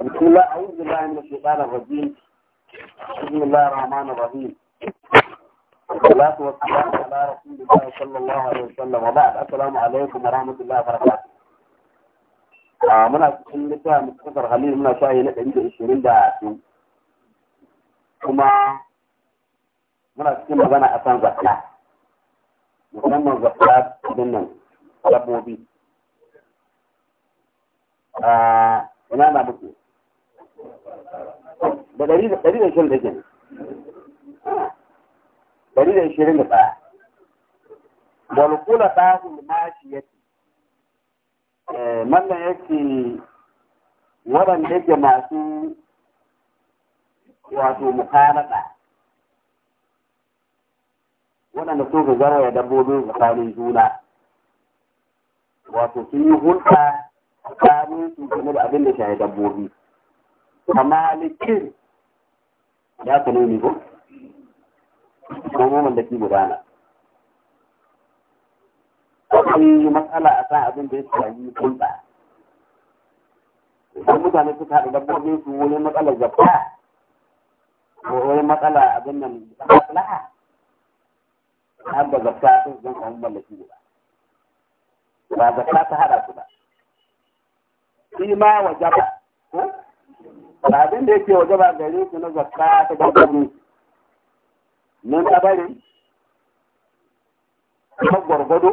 بسم الله أعوذ بالله من الشيطان الرجيم بسم الله الرحمن الرحيم الصلاة والسلام على رسول الله صلى الله عليه وسلم وبعد السلام عليكم ورحمة الله وبركاته من أسفل لك مختصر خليل من أشياء لك عند كما من أسفل لك أنا أسان زكاة مسمى زكاة بنا ربو بي آه هنا أنا بقول da ɗari da ɗari da ishirin da ke ɗari da ishirin da kula walƙula ɗahin mashi yake eh, manna yake waɗanda yake masu wato mukanada waɗanda sun ka garwaya dabbobin tsakanin juna wato sun yi hulɗa tsakanin su game da abin da shahi dabbobi malikin ya ka nuni ko umuman da ke gudana akwai matsala a kan abin da ya shafi kulɗa idan mutane suka haɗu dabbobin su wani matsalar zakka ko wani matsala abin nan maslaha har da zakka sun zan kawo mallaki guda ba zakka ta haɗa su ba shi ma wajaba ko abin da yake waje ba gare su na zakka ta gaggari nan ta bari ta gwargwado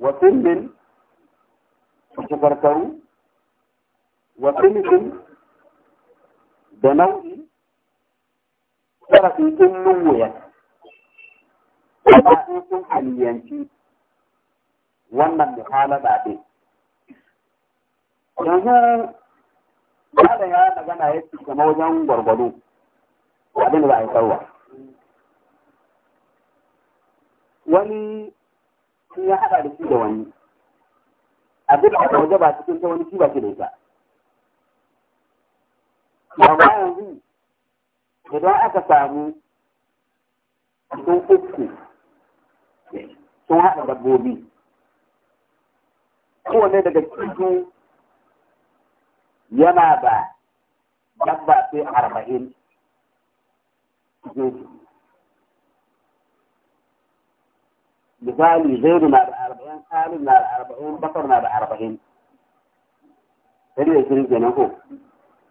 wasin bin shekarkaru wasin bin da nau'i sarafin kin nunwuya ta sun haliyanci wannan muhalaba ɗin yanzu ba da ya magana ya ce kama wajen gwargwado abin da ba a yi sarwa wani sun ya haɗa da shi da wani abin da aka waje ba cikin ta wani shi ba shi da ita amma yanzu idan aka samu sun uku sun haɗa dabbobi kowane daga cikin yana da dabba sai arba'in misali zaidu na da arba'in salim na da arba'in bakar na da arba'in dari da shirin kenan ko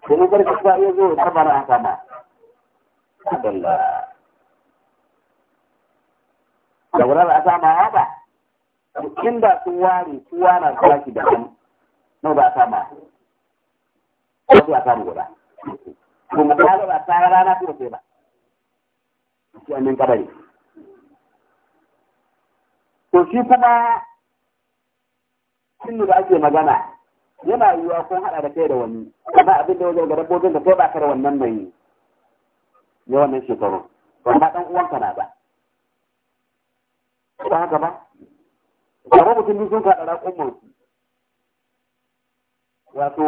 sai in karfi ta iya zo har bara an sama adalla da wurin a sama haka inda sun ware kowa na zaki da hannu na ba sama ko zuwa samu guda ko mu kaga ba tsara na ko sai ba shi annan kabari to shi kuma shin da ake magana yana yiwuwa kun haɗa da kai da wani amma abin da wajen ga dabbobin da kai ba ka da wannan mai ya wannan shekaru ba ma ɗan uwanka na ba ba haka ba kamar mutum sun kaɗa raƙon wato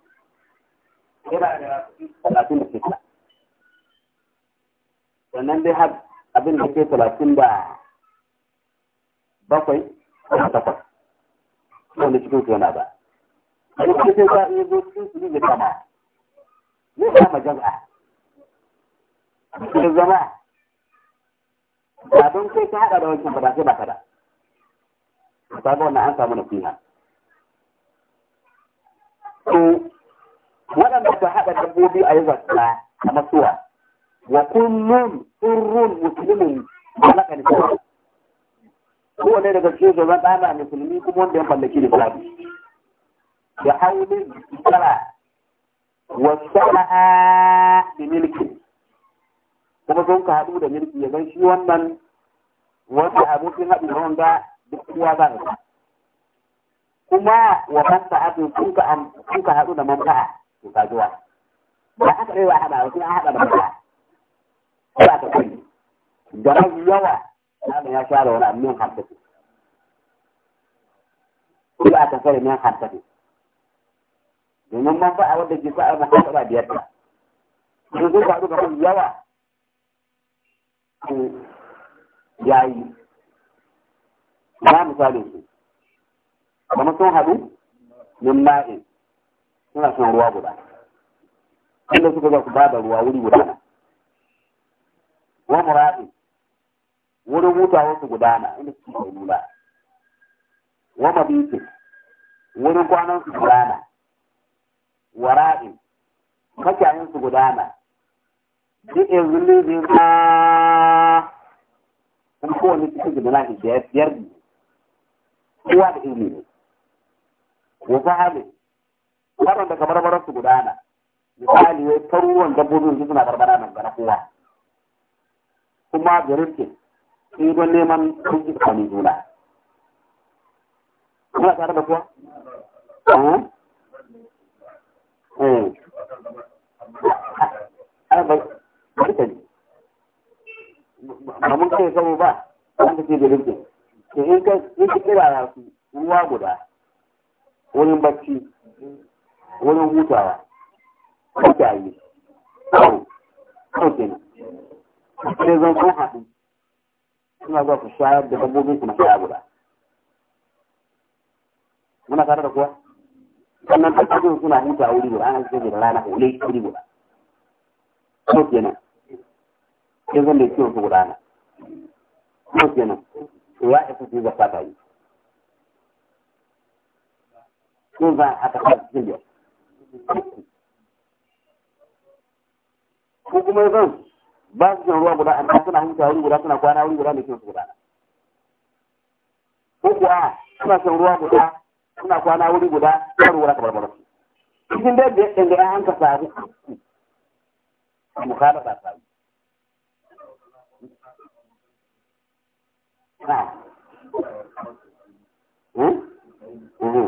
yana talatin da shida sannan dai har abin da ke talatin da bakwai da takwas wanda cikin su yana ba a yi za a iya zo cikin su ne kama ne jama'a zama ba don kai ka haɗa da wancan ba sai ba kada ga wannan an samu nasiha waɗanda ta haɗa dabbobi a yi wasa a matsuwa wa kullum sirrun musulmin malaka ne kuma ne daga cikin zoban ɗana musulmi kuma wanda ya mallaki lissafi da haulin tsara wa sana'a da milkin kuma sun ka haɗu da milki ya zan shi wannan wanda abokin haɗu da wanda duk kowa za a kuma wa kanta haɗu kun ka haɗu da manfa'a kasuwa ba aka rewa haɗa wasu an haɗa ba ba ta kai garan yawa ana ya share wani amin harkafi ko a ne min harkafi domin man a wanda ke sa'a na haɗa biyar ta ko kun faɗu ga yawa ko yayi na misalin su kamar sun haɗu min ma'in suna son ruwa guda inda suka za su ba da ruwa wuri guda wa muradi wurin hutawa su gudana inda suke kai nuna wa mabiti wurin kwanan su gudana ra'i makiyayin su gudana duk yanzu ne zai ma kuma kowane cikin gudana ke biyar biyu, kowa da ilimi ne wasu halin yaron da kamar barar su gudana misali ya ta ruwan dabbobin su suna barbara nan ga kowa kuma da rike sai don neman sun ji tsakanin juna kuna tare da kuwa eh ai ba ba ta ji ba mun kai sabo ba wanda ke da rike to in ka in kira su ruwa guda wurin bacci wurin hutawa mutane kawo kawo kenan sai zan kan haɗu suna zuwa ku shayar da dabbobin su mashaya guda muna tare da kuwa sannan ta dabbobin suna huta wuri guda an cikin da rana wuri wuri guda kawo nan sai zan da kiwon su guda na kawo kenan ya isa su yi zakata yi. Sun za a kasar cikin biyar. uku ko kuma zan ba su shan ruwa guda amma suna huta wuri guda suna kwana wuri guda da guda ko kuwa suna ruwa guda suna kwana wuri guda kamar mara su cikin da ya sabu mukhalafa sabu na Mm-hmm.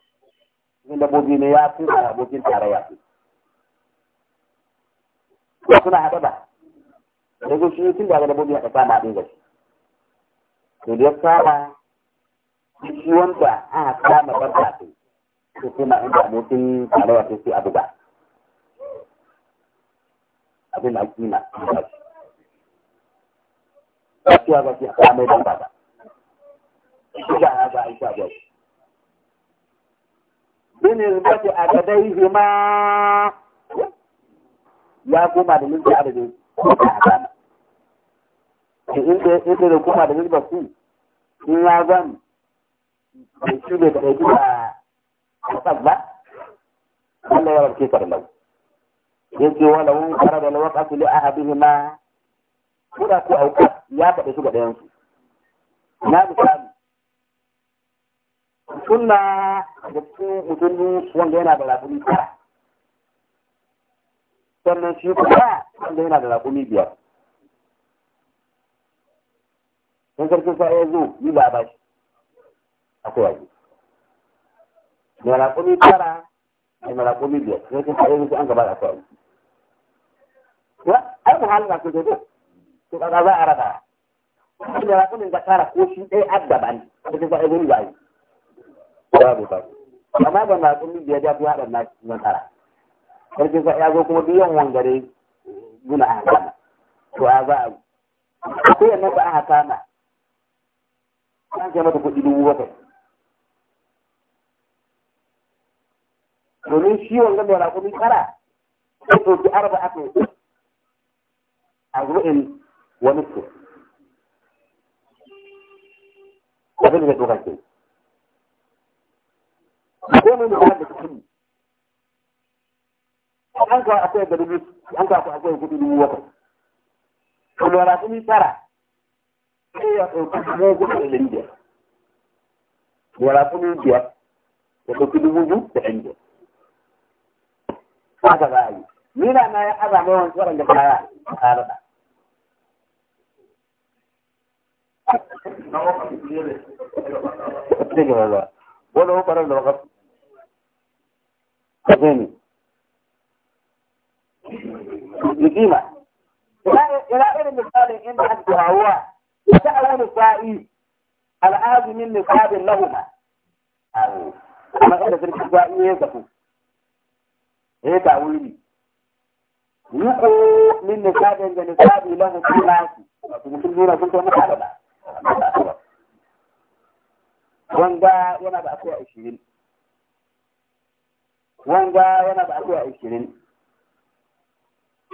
cikin dabbobi ne ya fi da abokin tarayya su suna haɗe ba da zai shi tun da ga dabbobi haɗe sama abin gashi to da ya saba shi wanda aka kama barka su su kuma inda abokin tarayya su su abu abin da kima gaskiya gaskiya kamar da ba ba shi ga ya ga aisha gaskiya بنسبة أكديهما ya koma da nisba adadin kuka a gana. Inda ita da koma da nisba su in ya zan da shi da da ɗauki a kasar ba, Allah ya rarke farlau. ce wala wani kara da lawar kasu li abin ma kuda ko auka ya faɗi su ga su Na bisa malaman sunna da cikin mutum wanda yana da rakumi tara sannan shi kuma wanda yana da rakumi biyar Sun sarki sa ya zo yi ba ba shi akwai waje mai rakumi tara mai rakumi biyar Sun sarki sa ya zo an gaba da kowaje. Ya, ai muhalin da ke zo to kaga za a rada da rakumin ga tara ko shi ɗaya addaban da ta sa ya zo yi ba babu ba amma ba na tsun biya ja biya da na nasara sarkin sa ya zo kuma biyan wangare guna a kama to a ba a akwai yana ba a kama an kai mata kuɗi dubu bakwai domin shi wangan da raƙumi tara sai ɗauki arba a kai a zuwa'in wani su abin da ya dokar ke ko mun da da kudi an akwai da dubu an akwai kudi dubu wata ra tara sai ya kuma ko da kuma da dubu da haka za a yi ni na na ya azama wani tsoron da a da Wani hukarar da wakar kazini ni'ima ina irin misalin inda an tuhawa ya ta'awu nisa'i al'azimin nisabin lahuma kuma inda zirkin sa'i ya zafu ya tawuri yuko min nisabin da nisabi lahu sunaki wato mutum nuna sun kai mutane ba wanda yana da akwai ashirin wanga yana da abuwa ishirin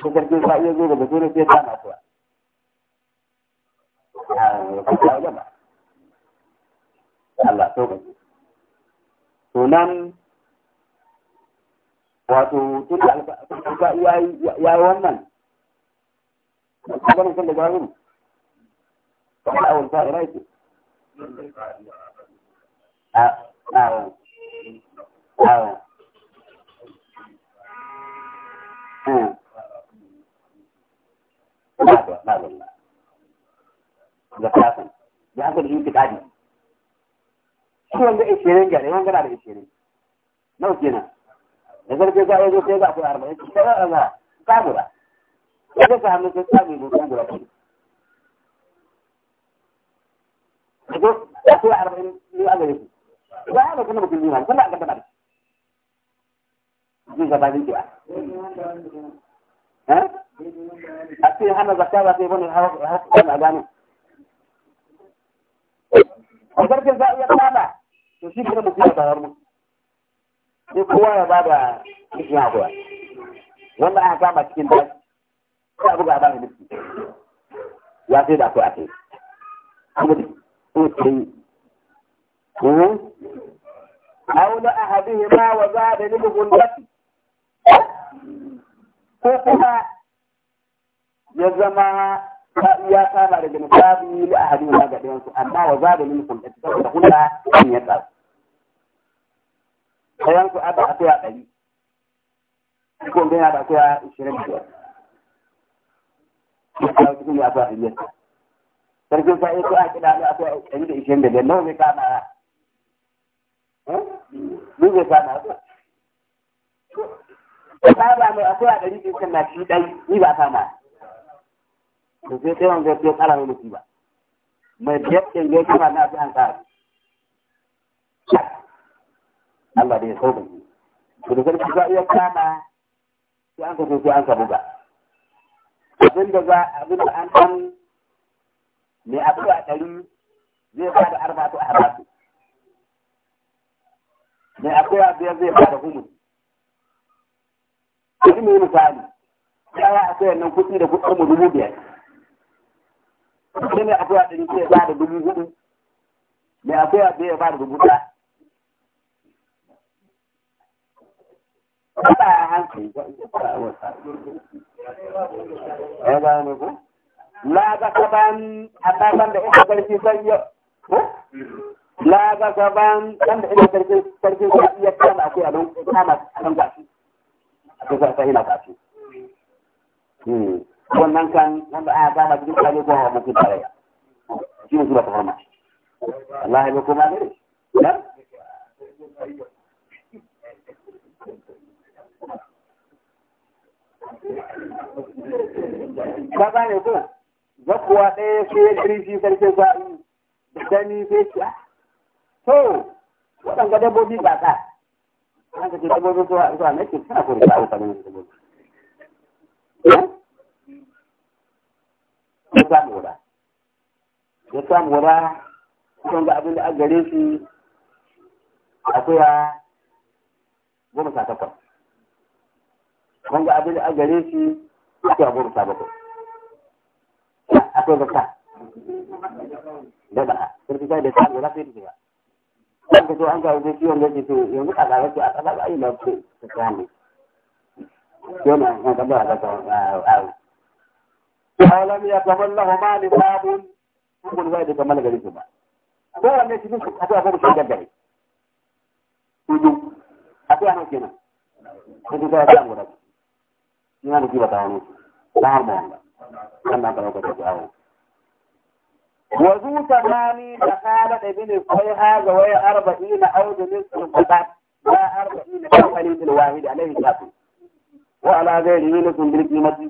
ko karfin sa iya zo daga dole sai ta akuya Allah to gaji to nan wato tun da alfa ya yi wannan ganin kan da jahilu kamar awon sa'ira ce a ishirin gari wani gana da ishirin nau kenan da zarfe za a zo sai za arba'in a samura ga sai samu ne kan gura arba'in ne a gare ba a kuma mutum ne kuma a ji gaba ne eh? a ce hana zakka ba sai hawa a gano a zarfe za a iya kama to shi kuma mutum ya bayar mu sai kowa ya ba da cikin haƙura wanda aka kama cikin daji sai abu ga ba da nufi ya sai da akwai a kai kuma da kuma hmm? ta aula a hadihi ma wa za da nufi gundaki ko kuma ya zama ya da ga ɗayansu amma wa da da ya a ɗari ko bai na da ishirin da biyar ya ya ɗari sarkin sa'i a a ɗari da ishirin da biyar nawa zai kama ya eh? zai kama ya ba mai a ɗari ɗin kan na shi ɗai ni ba kama ko sai sai wanga sai kara wani ba. mai biyakkin ya kira na fi an kara Allah da ya sauka shi to da sarki ba iya kama sai an ka so sai an ka buga abin da za abin da an san mai abu a ɗari zai ba da arbatu a arbatu mai akwai a biyar zai ba da humus Kuɗi yi misali, ya akwai nan kuɗi da kuɗin mu dubu biyar. sai mai akuya ɗari sai ba da dubu hudu mai ya ba da dubu hankali, ba La ga kaban da ita ƙarfi sai ya, ko? kama akwai a don kama a gashi. A kusa na gashi. Hmm. wannan kan wanda aya ah, ta baki duk ne ko ha baki tare shi ne sura ta farma Allah ya kuma ne da ka ba ne ko zakuwa ɗaya sai ya kirji sarki zaɓi gani sai ci ah. to waɗanda dabbobi ba ta an ka ce dabbobi zuwa na suna kuri ba a wutanen dabbobi ya samu wada ya samu wada kusan ga abin da an gare shi akwai ya goma sha takwas kusan ga abin da an gare shi akwai ya goma sha bakwai akwai zakka da ba sun fi da samu wada sai ta an ka so an kawo zai ciwon da ke so yanzu a tsara su a tsara ba a yi ba ko samu yana an kaba a kasa a alam ya gaman lahu ma ni sabun kun zai da gaman gari su ko wanne babu shi kudu nan kenan da ya mura ina da ta wani ka ta wa zu da kala da bin kai ha ga 40 au da ba 40 wahid alaihi wa ala ghairihi lakum bil qimati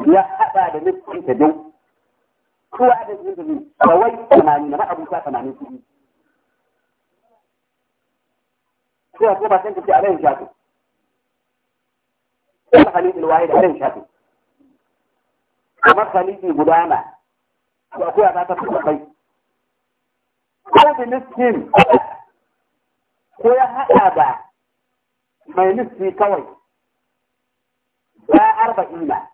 ya haɗa da nufin ta dau kowa da zai zai kawai tamanin na ma'abuta tamanin kuɗi sai a koma sai ka ce a nan shafi kuma halittar waye da nan shafi kamar halitti gudana ba kuwa za ta fi kai ko da nufin ko ya haɗa da mai nufi kawai ba arba'ina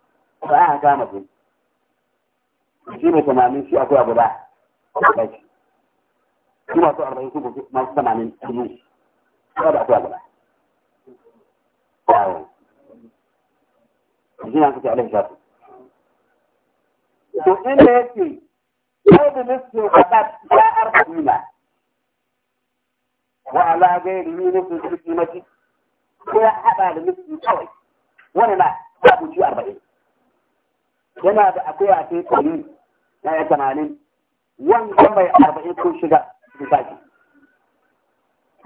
ba a kama su shi ne tamanin shi akwai abu da ɗaki shi masu arba'in su masu tamanin su ba akwai abu da yawon shi na kusa alai shafi to inda ya ce da nufin haɗa ya arba'ina wa ala gairi ni nufin su ko ya haɗa da nufin kawai wani na babu shi arba'in yana da akwai ce ɗari na ya tamanin wanda mai arba'in ko shiga su tashi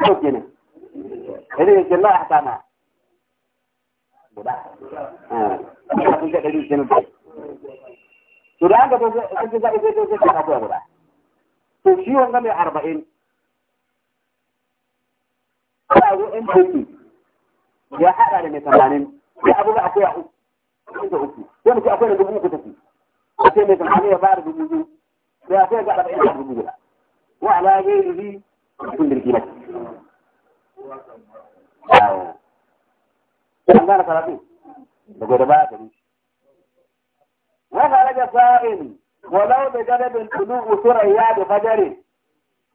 ko kenan yadda yi ce a sana guda a kun ga ɗari kenan to da aka tozo zai zai zai zai zai zai zai zai guda to shi wanga mai arba'in ko zo ɗin ya haɗa da mai tamanin ya abuga akuya uku da uku sai mu ce akwai da dubu uku take a ce mai kamar ya bada dubu biyu sai a sai ga arba'in da dubu guda wa ala ghairihi kun dirki na an gane karatu daga da baya gari wa kharaja sa'in ولو بجانب الطلوع ثريا بفجر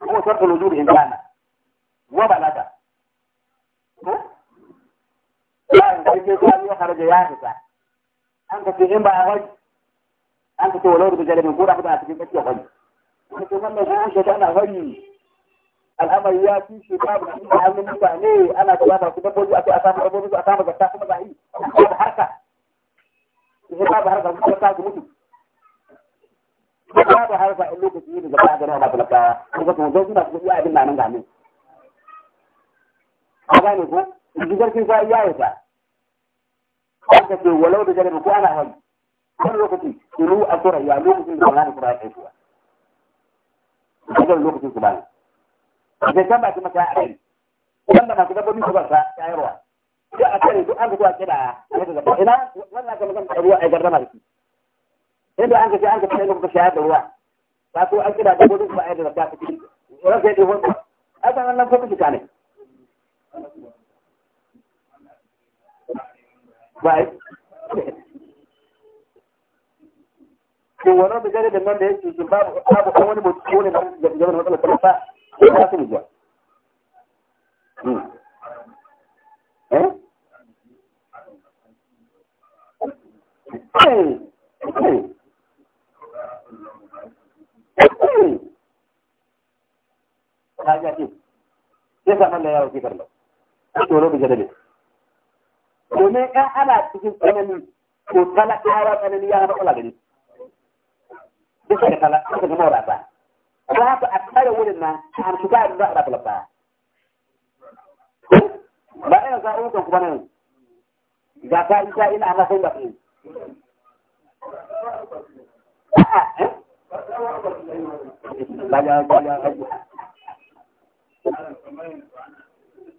هو شرط الوجود ان كان وبلغ لا يمكن ان يخرج يا نساء أنت تغيب على وجه أنت تولور بجلب يقول أخذ أنت تغيب على وجه أنت من نجوش أنا غني الأمر ياتي شباب أنا من مساني أنا تبادر كنت أقول أنت أسامة أبو بيزو أسامة بساكو مزعي أنت حركة شباب حركة أنت أسامة مزعي شباب حركة اللي تسيين إذا بعد رأى ما تلقى أنت تنزل سنة تقول يا أبن نعمل نعمل أغاني كون إذا كنت أقول يا أبن wanda ke walau da jarabi ko ana hari kan lokaci ilu a sura ya lokacin da wani kuma ya kai sura wajen lokacin su bani zai can baki masa a kai wanda masu dabbobi su ba sa tayarwa ya a kare duk an ga zuwa kira ya ga gaba ina wannan ka magana ruwa a gardama da shi inda an ga sai an ga sai lokacin shayar da ruwa ba ko an kira dabbobi su ba a ai da zakka ta kidi ran sai dai a kan nan ko ka ne ba to da gare da nan da yake shi babu babu wani mutum da da ce sai wa kifar da domin ɗan ana cikin tsanani to talakawa tsanani ya haɗa kula gari bisa da talaka da mora ba haka a tsare wurin nan a hamsu ba da za a rabu ba ba ɗaya za a kuma nan ga ta yi ta ina ana sai ba ɗin eh? Baya,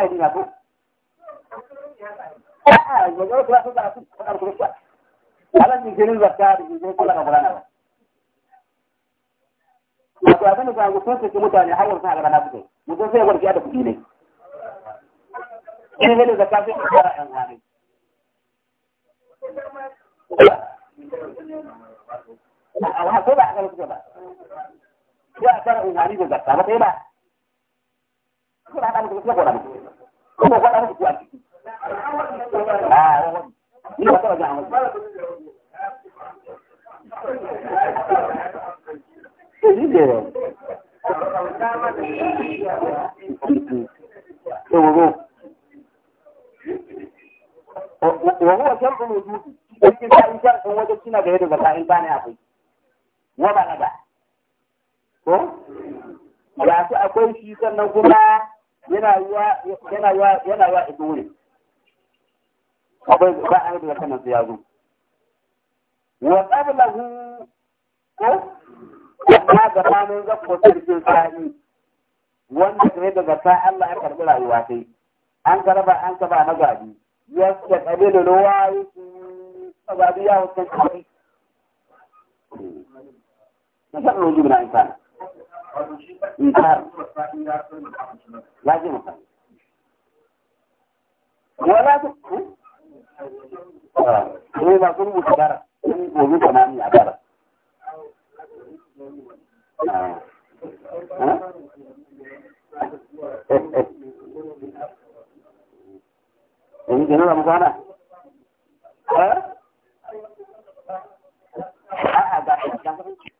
zahiri na ko a'a gobe ku san da su kan ku ku ala ni zakka da girin kula ga bulana wato abin da zango sun saki mutane har wasu a na suke mutum sai warki da kuɗi ne in zakka sai a wani ba a ba a ba ko ba a akwai. na ba. Ko? su akwai shi sannan kuma wa yana wa yana wa idure abai ba a da kana ya zo wa qablahu ko amma ga mamun zakko sarkin sani wanda kai daga sa Allah ya karbi rayuwa sai an karba an kaba na gadi yasta qabilu ruwayi sababiya wa kan kai na san ruju bin insan lazima wala ta bara a